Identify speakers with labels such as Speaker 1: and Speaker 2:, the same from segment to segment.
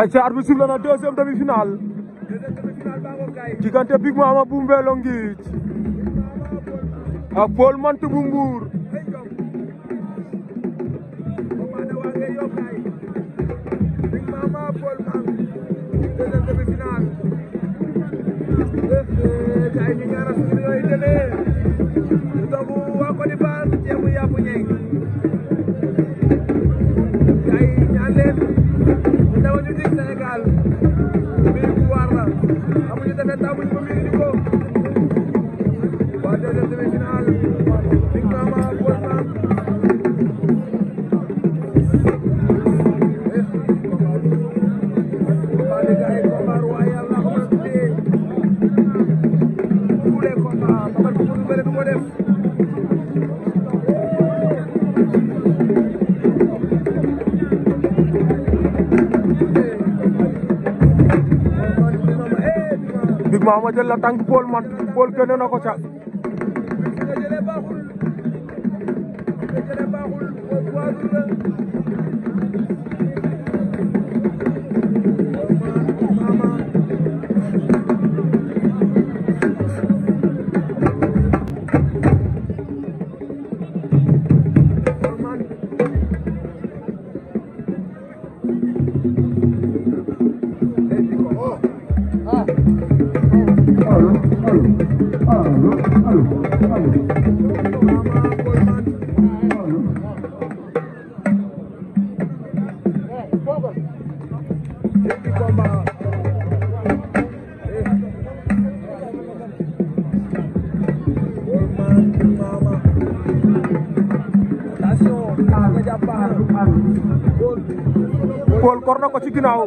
Speaker 1: ayca arbitre sifflé na demi-finale diggante Big Mama bu Mbello Ngidj ak Paul Menthe bu
Speaker 2: dama ñu dig Sénégal mbir bu waar la amuñu defet amuñu ba mbir ñu ko waa deuxième demi-finale Big Mama Paul Sam combat
Speaker 3: bi gars yi combat royal la xamante tous les combats babat bu mu bëri du ko def
Speaker 1: Big Mama jël la tànk Paul man Paul génne na ko ca gol, Korno ko ci ginnaaw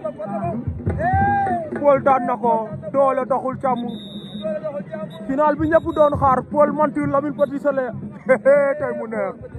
Speaker 1: eh, Paul daan na ko doole doxul càmm final bi ñëpp doon xaar Paul Menthe Lamine Petit Sélé tey mu neex